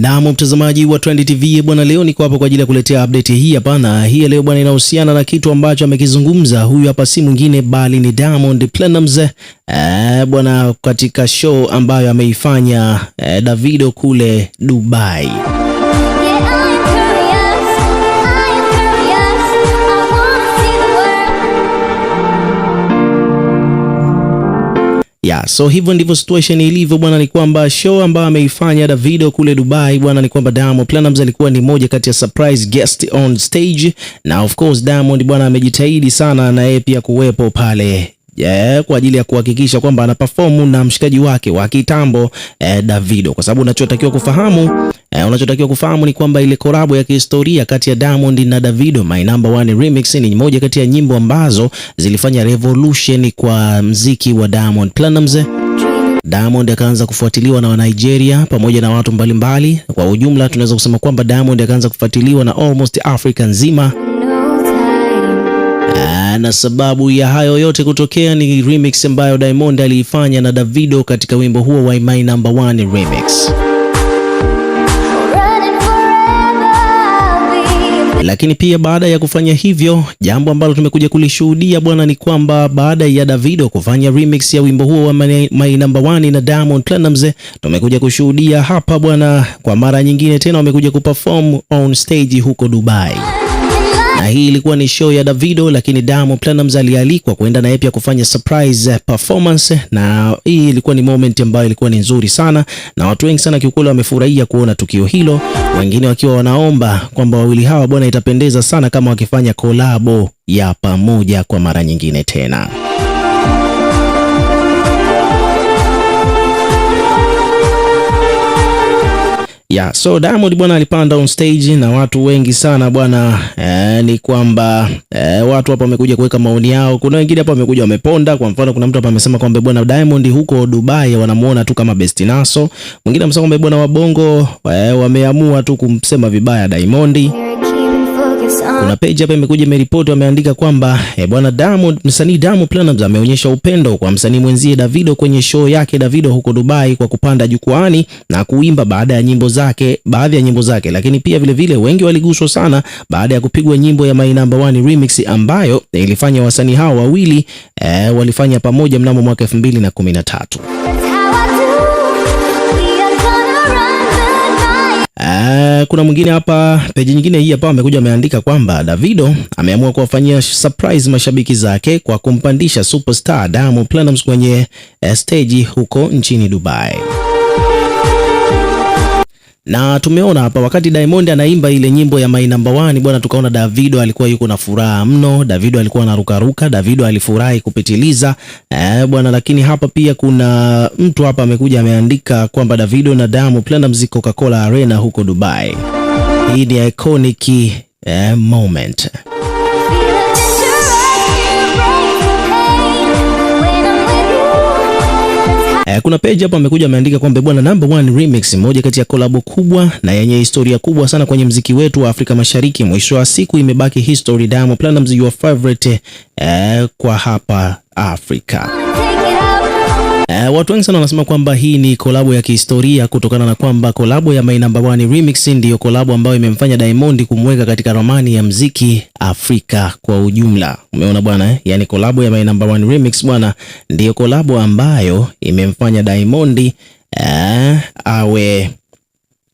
Naam, mtazamaji wa Trend TV bwana, leo niko hapa kwa ajili ya kuletea update hii hapa, na hii leo bwana inahusiana na kitu ambacho amekizungumza huyu hapa, si mwingine bali ni Diamond Platnumz eh, bwana katika show ambayo ameifanya eh, Davido kule Dubai. yeah, so hivyo ndivyo situation ilivyo bwana, ni kwamba show ambayo ameifanya Davido kule Dubai bwana, ni kwamba Diamond Platnumz alikuwa ni moja kati ya surprise guest on stage, na of course Diamond bwana amejitahidi sana na yeye pia kuwepo pale yeah, kwa ajili ya kuhakikisha kwamba ana perform na mshikaji wake wa kitambo eh, Davido, kwa sababu unachotakiwa kufahamu eh, unachotakiwa kufahamu ni kwamba ile kolabo ya kihistoria kati ya Diamond na Davido My Number One Remix ni moja kati ya nyimbo ambazo zilifanya revolution kwa mziki wa Diamond Platnumz. Diamond akaanza kufuatiliwa na wa Nigeria pamoja na watu mbalimbali mbali. Kwa ujumla tunaweza kusema kwamba Diamond akaanza kufuatiliwa na almost Africa nzima na sababu ya hayo yote kutokea ni remix ambayo Diamond aliifanya na Davido katika wimbo huo wa My Number One remix. Lakini pia baada ya kufanya hivyo, jambo ambalo tumekuja kulishuhudia bwana, ni kwamba baada ya Davido kufanya remix ya wimbo huo wa My Number One na Diamond Platnumz, tumekuja kushuhudia hapa bwana, kwa mara nyingine tena wamekuja kuperform on stage huko Dubai na hii ilikuwa ni show ya Davido, lakini Diamond Platnumz alialikwa kuenda naye pia kufanya surprise eh, performance, na hii ilikuwa ni moment ambayo ilikuwa ni nzuri sana, na watu wengi sana kiukweli wamefurahia kuona tukio hilo, wengine wakiwa wanaomba kwamba wawili hawa bwana, itapendeza sana kama wakifanya kolabo ya pamoja kwa mara nyingine tena. Ya, so Diamond bwana alipanda on stage na watu wengi sana bwana eh, ni kwamba eh, watu hapa wamekuja kuweka maoni yao. Kuna wengine hapa wamekuja wameponda. Kwa mfano, kuna mtu hapa amesema kwamba bwana Diamond huko Dubai wanamuona tu kama besti naso. Mwingine amesema kwamba bwana wabongo eh, wameamua tu kumsema vibaya Diamond. Uh-huh. Kuna page hapa imekuja imeripoti, wameandika kwamba e, bwana Diamond, msanii Diamond Platnumz ameonyesha upendo kwa msanii mwenzie Davido kwenye show yake Davido huko Dubai kwa kupanda jukwaani na kuimba baada ya nyimbo zake, baadhi ya nyimbo zake, lakini pia vile vile wengi waliguswa sana baada ya kupigwa nyimbo ya My Number One remix ambayo eh, ilifanya wasanii hao wawili e, walifanya pamoja mnamo mwaka 2013. Uh, kuna mwingine hapa, peji nyingine hii hapa amekuja ameandika kwamba Davido ameamua kuwafanyia surprise mashabiki zake kwa kumpandisha superstar Diamond Platnumz kwenye eh, stage huko nchini Dubai na tumeona hapa wakati Diamond anaimba ile nyimbo ya My Number One bwana, tukaona Davido alikuwa yuko na furaha mno. Davido alikuwa anarukaruka, Davido alifurahi kupitiliza eh, bwana. Lakini hapa pia kuna mtu hapa amekuja ameandika kwamba Davido na Diamond Platnumz Coca-Cola Arena huko Dubai, hii ni iconic eh, moment. Eh, kuna page hapa amekuja ameandika kwamba bwana, Number One Remix, moja kati ya kolabo kubwa na yenye historia kubwa sana kwenye mziki wetu wa Afrika Mashariki. Mwisho wa siku imebaki history. Diamond Platnumz your favorite, eh, kwa hapa Afrika Uh, watu wengi sana wanasema kwamba hii ni kolabo ya kihistoria kutokana na kwamba kolabo ya My Number One Remix ndiyo kolabo ambayo imemfanya Diamond kumweka katika ramani ya mziki Afrika kwa ujumla. Umeona bwana eh? Yaani kolabo ya My Number One Remix bwana ndiyo kolabo ambayo imemfanya Diamond uh, awe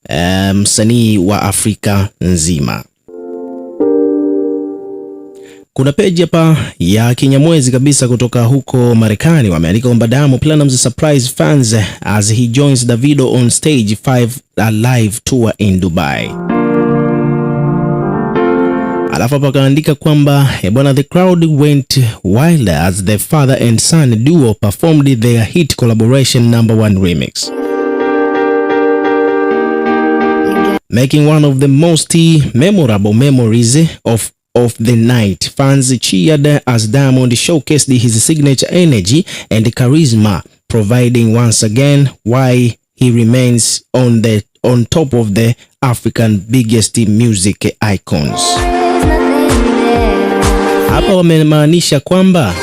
uh, msanii wa Afrika nzima. Kuna peji hapa ya Kinyamwezi kabisa kutoka huko Marekani, wameandika kwamba Diamond Platnumz surprise fans as he joins Davido on stage 5 Alive uh, tour in Dubai. Alafu hapa akaandika kwamba eh, bwana, the crowd went wild as the father and son duo performed their hit collaboration number one remix making one of the most memorable memories of of the night. Fans cheered as Diamond showcased his signature energy and charisma, providing once again why he remains on the on top of the African biggest music icons. Hapa wamemaanisha kwamba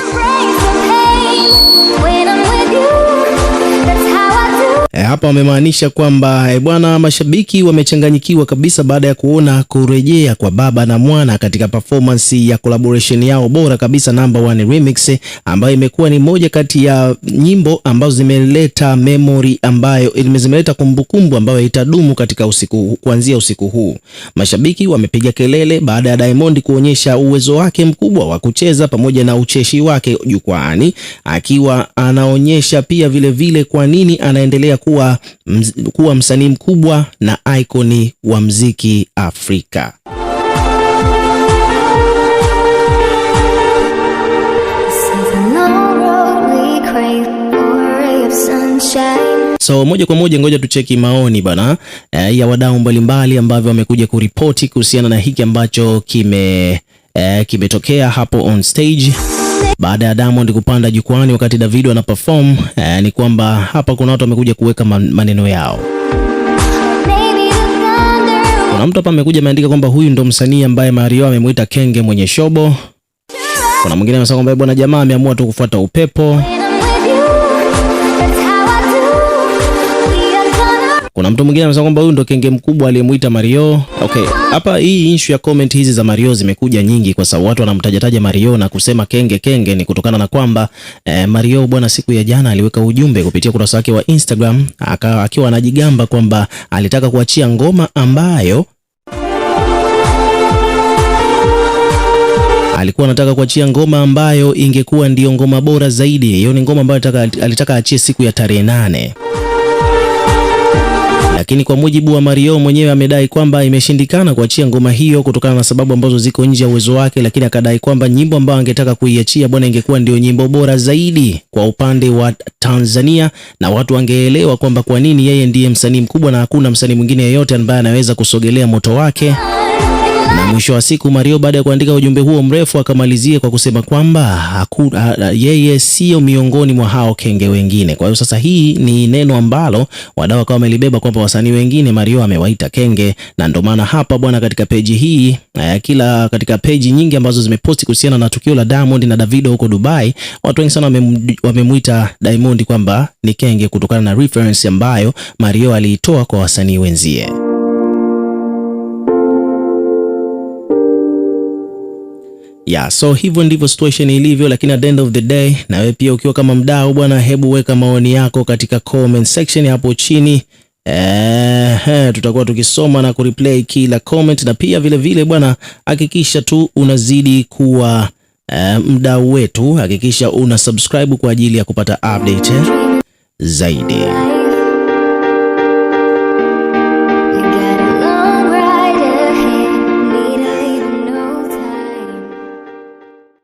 E, hapa wamemaanisha kwamba e, bwana, mashabiki wamechanganyikiwa kabisa baada ya kuona kurejea kwa baba na mwana katika performance ya collaboration yao bora kabisa Number One Remix, e, ambayo imekuwa ni moja kati ya nyimbo ambazo zimeleta memory ambayo zimeleta kumbukumbu ambayo itadumu katika usiku kuanzia usiku huu. Mashabiki wamepiga kelele baada ya Diamond kuonyesha uwezo wake mkubwa wa kucheza pamoja na ucheshi wake jukwaani, akiwa anaonyesha pia vilevile kwa nini anaendelea kuwa, mz, kuwa msanii mkubwa na ikoni wa mziki Afrika. So moja kwa moja ngoja tucheki maoni bana e, ya wadau mbalimbali ambavyo wamekuja kuripoti kuhusiana na hiki ambacho kime e, kimetokea hapo on stage baada ya Diamond kupanda jukwani wakati Davido perform eh, ni kwamba hapa kuna watu wamekuja kuweka maneno yao. Kuna mtu hapa amekuja ameandika kwamba huyu ndo msanii ambaye Mario amemwita kenge mwenye shobo. Kuna mwingine amesema kwamba eh, bwana, jamaa ameamua tu kufuata upepo. Kuna mtu mwingine amesema kwamba huyu ndo kenge mkubwa aliyemuita Mario. Okay, hapa hii issue ya comment hizi za Mario zimekuja nyingi, kwa sababu watu wanamtajataja Mario na kusema kenge kenge, ni kutokana na kwamba eh, Mario bwana, siku ya jana aliweka ujumbe kupitia ukurasa wake wa Instagram akawa akiwa anajigamba kwamba alitaka kuachia ngoma ambayo alikuwa anataka kuachia ngoma ambayo ingekuwa ndiyo ngoma bora zaidi. Hiyo ni ngoma ambayo alitaka, alitaka achie siku ya tarehe nane lakini kwa mujibu wa Mario mwenyewe amedai kwamba imeshindikana kuachia ngoma hiyo kutokana na sababu ambazo ziko nje ya uwezo wake, lakini akadai kwamba nyimbo ambayo angetaka kuiachia bwana, ingekuwa ndio nyimbo bora zaidi kwa upande wa Tanzania na watu wangeelewa kwamba kwa nini yeye ndiye msanii mkubwa na hakuna msanii mwingine yeyote ambaye anaweza kusogelea moto wake. Na mwisho wa siku Mario, baada ya kuandika ujumbe huo mrefu, akamalizia kwa kusema kwamba yeye sio miongoni mwa hao kenge wengine. Kwa hiyo sasa, hii ni neno ambalo wadau wakawa wamelibeba kwamba wasanii wengine Mario amewaita kenge, na ndio maana hapa bwana, katika peji hii na eh, kila katika peji nyingi ambazo zimeposti kuhusiana na tukio la Diamond na Davido huko Dubai, watu wengi sana wamemwita Diamond kwamba ni kenge kutokana na reference ambayo Mario aliitoa kwa wasanii wenzie. Yeah, so hivyo ndivyo situation ilivyo, lakini at the end of the day, na wewe pia ukiwa kama mdau bwana, hebu weka maoni yako katika comment section hapo chini. Ehe, tutakuwa tukisoma na kureplay kila comment, na pia vile vile bwana, hakikisha tu unazidi kuwa e, mdau wetu, hakikisha una subscribe kwa ajili ya kupata update eh, zaidi.